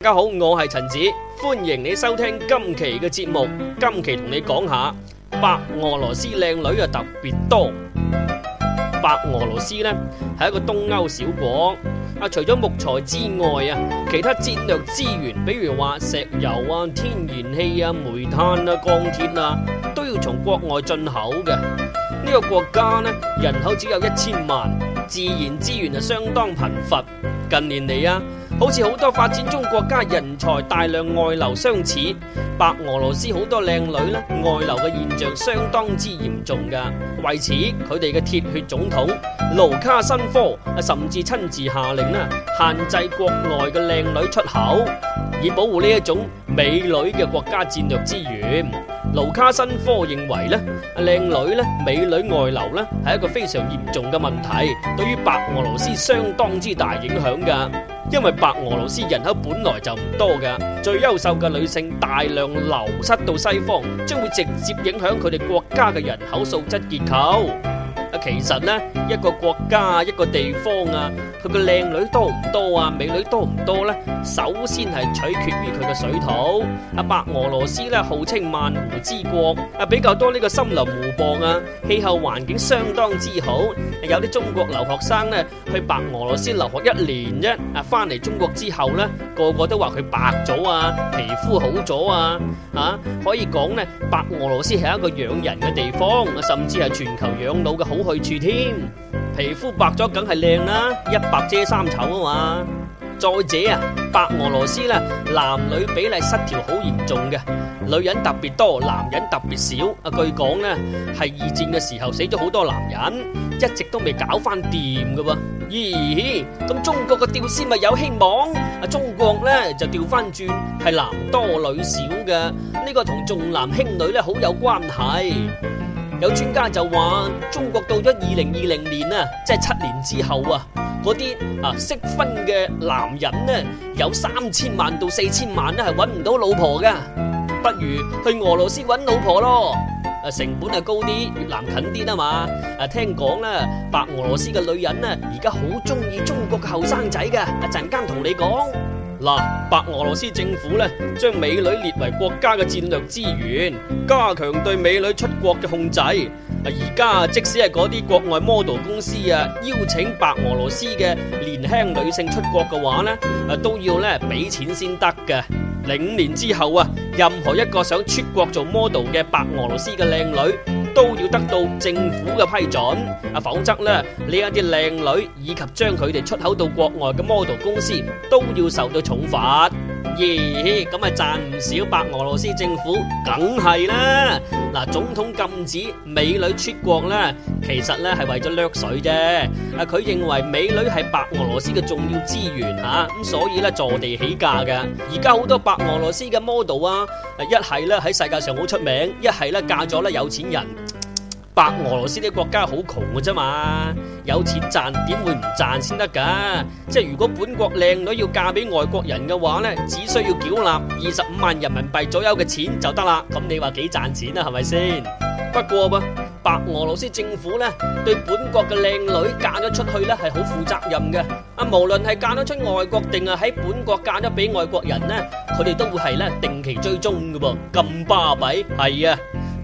大家好，我係陳子，歡迎你收聽今期嘅節目。今期同你講下，白俄羅斯靚女啊特別多。白俄羅斯呢係一個東歐小國啊，除咗木材之外啊，其他戰略資源，比如話石油啊、天然氣啊、煤炭啊、鋼鐵啊，都要從國外進口嘅。呢個國家呢，人口只有一千萬，自然資源啊相當貧乏。近年嚟啊。好似好多發展中國家人才大量外流相似，白俄羅斯好多靚女啦，外流嘅現象相當之嚴重噶。為此，佢哋嘅鐵血總統盧卡申科啊，甚至親自下令啦，限制國內嘅靚女出口，以保護呢一種美女嘅國家戰略資源。盧卡申科認為咧，靚女咧、美女外流咧，係一個非常嚴重嘅問題，對於白俄羅斯相當之大影響噶。因為白俄羅斯人口本來就唔多噶，最優秀嘅女性大量流失到西方，將會直接影響佢哋國家嘅人口素質結構。啊，其實咧，一個國家一個地方啊，佢個靚女多唔多啊，美女多唔多咧？首先係取決於佢嘅水土。啊，白俄羅斯咧，號稱萬湖之國，啊比較多呢個森林湖泊啊，氣候環境相當之好。有啲中國留學生咧去白俄羅斯留學一年啫，啊，翻嚟中國之後咧，個個都話佢白咗啊，皮膚好咗啊，啊，可以講咧，白俄羅斯係一個養人嘅地方，甚至係全球養老嘅好好去處添，皮膚白咗梗係靚啦，一白遮三醜啊嘛！再者啊，白俄羅斯咧，男女比例失調好嚴重嘅，女人特別多，男人特別少。啊，據講咧係二戰嘅時候死咗好多男人，一直都未搞翻掂噶喎。咦，咁中國嘅吊絲咪有希望？啊，中國咧就調翻轉係男多女少嘅，呢個同重男輕女咧好有關係。有專家就話，中國到咗二零二零年啊，即係七年之後啊，嗰啲啊識分嘅男人呢，有三千萬到四千萬呢係揾唔到老婆嘅，不如去俄羅斯揾老婆咯，成本啊高啲，越南近啲啦嘛，啊聽講啦，白俄羅斯嘅女人呢，而家好中意中國嘅後生仔嘅，一陣間同你講。嗱，白俄羅斯政府咧將美女列為國家嘅戰略資源，加強對美女出國嘅控制。啊，而家啊，即使係嗰啲國外 model 公司啊，邀請白俄羅斯嘅年輕女性出國嘅話咧，啊都要咧俾錢先得嘅。零五年之後啊，任何一個想出國做 model 嘅白俄羅斯嘅靚女，都要得到政府嘅批准，啊，否則咧，呢一啲靚女以及將佢哋出口到國外嘅 model 公司都要受到重罰。咦，咁啊賺唔少，白俄羅斯政府梗係啦。嗱，總統禁止美女出國咧，其實咧係為咗掠水啫。啊，佢認為美女係白俄羅斯嘅重要資源啊，咁所以咧坐地起價㗎。而家好多白俄羅斯嘅 model 啊，一係咧喺世界上好出名，一係咧嫁咗咧有錢人。白俄羅斯啲國家好窮嘅啫嘛，有錢賺，點會唔賺先得噶？即係如果本國靚女要嫁俾外國人嘅話呢，只需要繳納二十五萬人民幣左右嘅錢就得啦。咁你話幾賺錢啦，啊？係咪先？不過噃，白俄羅斯政府呢對本國嘅靚女嫁咗出去呢係好負責任嘅。啊，無論係嫁咗出外國定係喺本國嫁咗俾外國人呢，佢哋都會係呢定期追蹤嘅噃，咁巴閉係啊！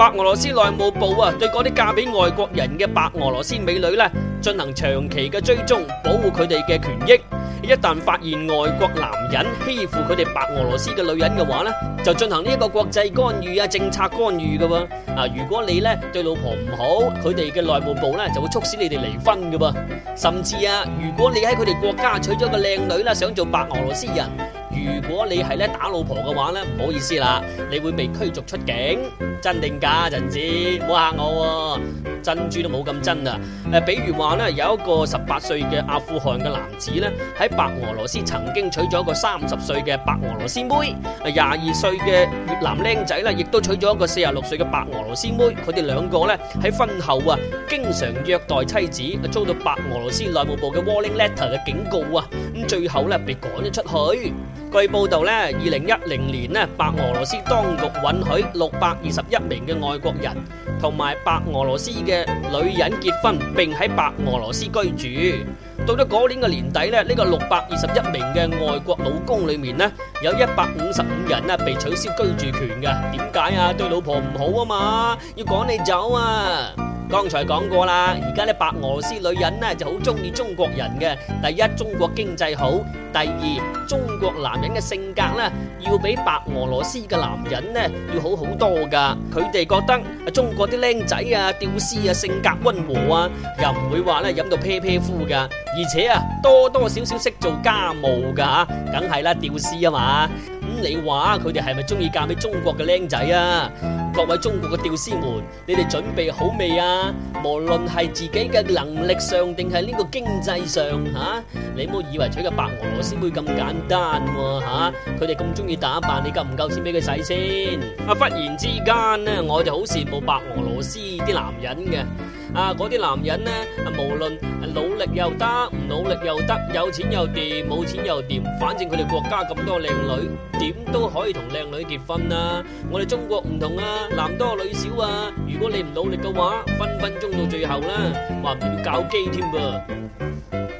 白俄羅斯內務部啊，對嗰啲嫁俾外國人嘅白俄羅斯美女咧，進行長期嘅追蹤，保護佢哋嘅權益。一旦發現外國男人欺負佢哋白俄羅斯嘅女人嘅話咧，就進行呢一個國際干預啊，政策干預㗎喎。啊，如果你咧對老婆唔好，佢哋嘅內務部咧就會促使你哋離婚嘅噃。甚至啊，如果你喺佢哋國家娶咗個靚女啦，想做白俄羅斯人。如果你係咧打老婆嘅話咧，唔好意思啦，你會被驅逐出境，真定假，陣子唔好吓我喎、啊，珍珠都冇咁真啊！誒、呃，比如話咧，有一個十八歲嘅阿富汗嘅男子咧，喺白俄羅斯曾經娶咗一個三十歲嘅白俄羅斯妹，廿二歲嘅越南僆仔啦，亦都娶咗一個四十六歲嘅白俄羅斯妹，佢哋兩個咧喺婚後啊，經常虐待妻子，遭到白俄羅斯內務部嘅 warning letter 嘅警告啊，咁最後咧被趕咗出去。據報道咧，二零一零年咧，白俄羅斯當局允許六百二十一名嘅外國人同埋白俄羅斯嘅女人結婚，並喺白俄羅斯居住。到咗嗰年嘅年底咧，呢個六百二十一名嘅外國老公裏面咧，有一百五十五人咧被取消居住權嘅。點解啊？對老婆唔好啊嘛，要趕你走啊！剛才講過啦，而家啲白俄羅斯女人呢就好鍾意中國人嘅。第一，中國經濟好；第二，中國男人嘅性格呢要比白俄羅斯嘅男人呢要好好多㗎。佢哋覺得中國啲僆仔啊、屌絲啊，性格溫和啊，又唔會話咧飲到啤啤呼㗎。.而且啊，多多少少識做家務噶吓，梗係啦，吊絲啊嘛。咁、嗯、你話佢哋係咪中意嫁俾中國嘅僆仔啊？各位中國嘅吊絲們，你哋準備好未啊？無論係自己嘅能力上定係呢個經濟上吓、啊，你唔好以為娶個白俄羅斯妹咁簡單喎、啊、吓。佢哋咁中意打扮，你夠唔夠錢俾佢使先？啊，忽然之間咧，我就好羨慕白俄羅斯啲男人嘅。啊！嗰啲男人呢，無論努力又得，唔努力又得，有錢又掂，冇錢又掂，反正佢哋國家咁多靚女，點都可以同靚女結婚啊！我哋中國唔同啊，男多女少啊，如果你唔努力嘅話，分分鐘到最後啦，話唔定要搞基添噃。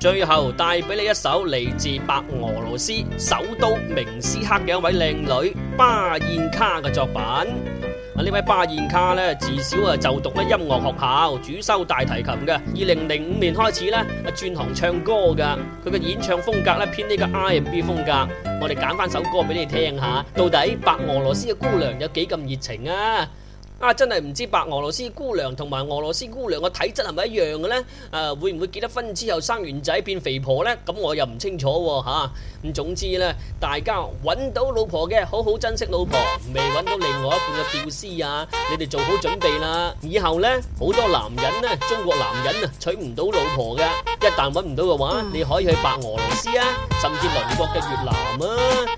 最後帶俾你一首嚟自白俄羅斯首都明斯克嘅一位靚女巴燕卡嘅作品。啊！呢位巴燕卡咧，自小啊就讀音樂學校，主修大提琴嘅。二零零五年開始咧，啊轉行唱歌噶。佢嘅演唱風格咧偏呢這個 R&B 風格。我哋揀翻首歌俾你聽下，到底白俄羅斯嘅姑娘有幾咁熱情啊？啊！真係唔知白俄羅斯姑娘同埋俄羅斯姑娘個體質係咪一樣嘅咧？誒、啊，會唔會結咗婚之後生完仔變肥婆咧？咁我又唔清楚喎、啊、嚇、啊。總之咧，大家揾到老婆嘅好好珍惜老婆，未揾到另外一半嘅吊絲啊！你哋做好準備啦！以後咧好多男人咧，中國男人啊娶唔到老婆嘅，一旦揾唔到嘅話，你可以去白俄羅斯啊，甚至鄰國嘅越南啊。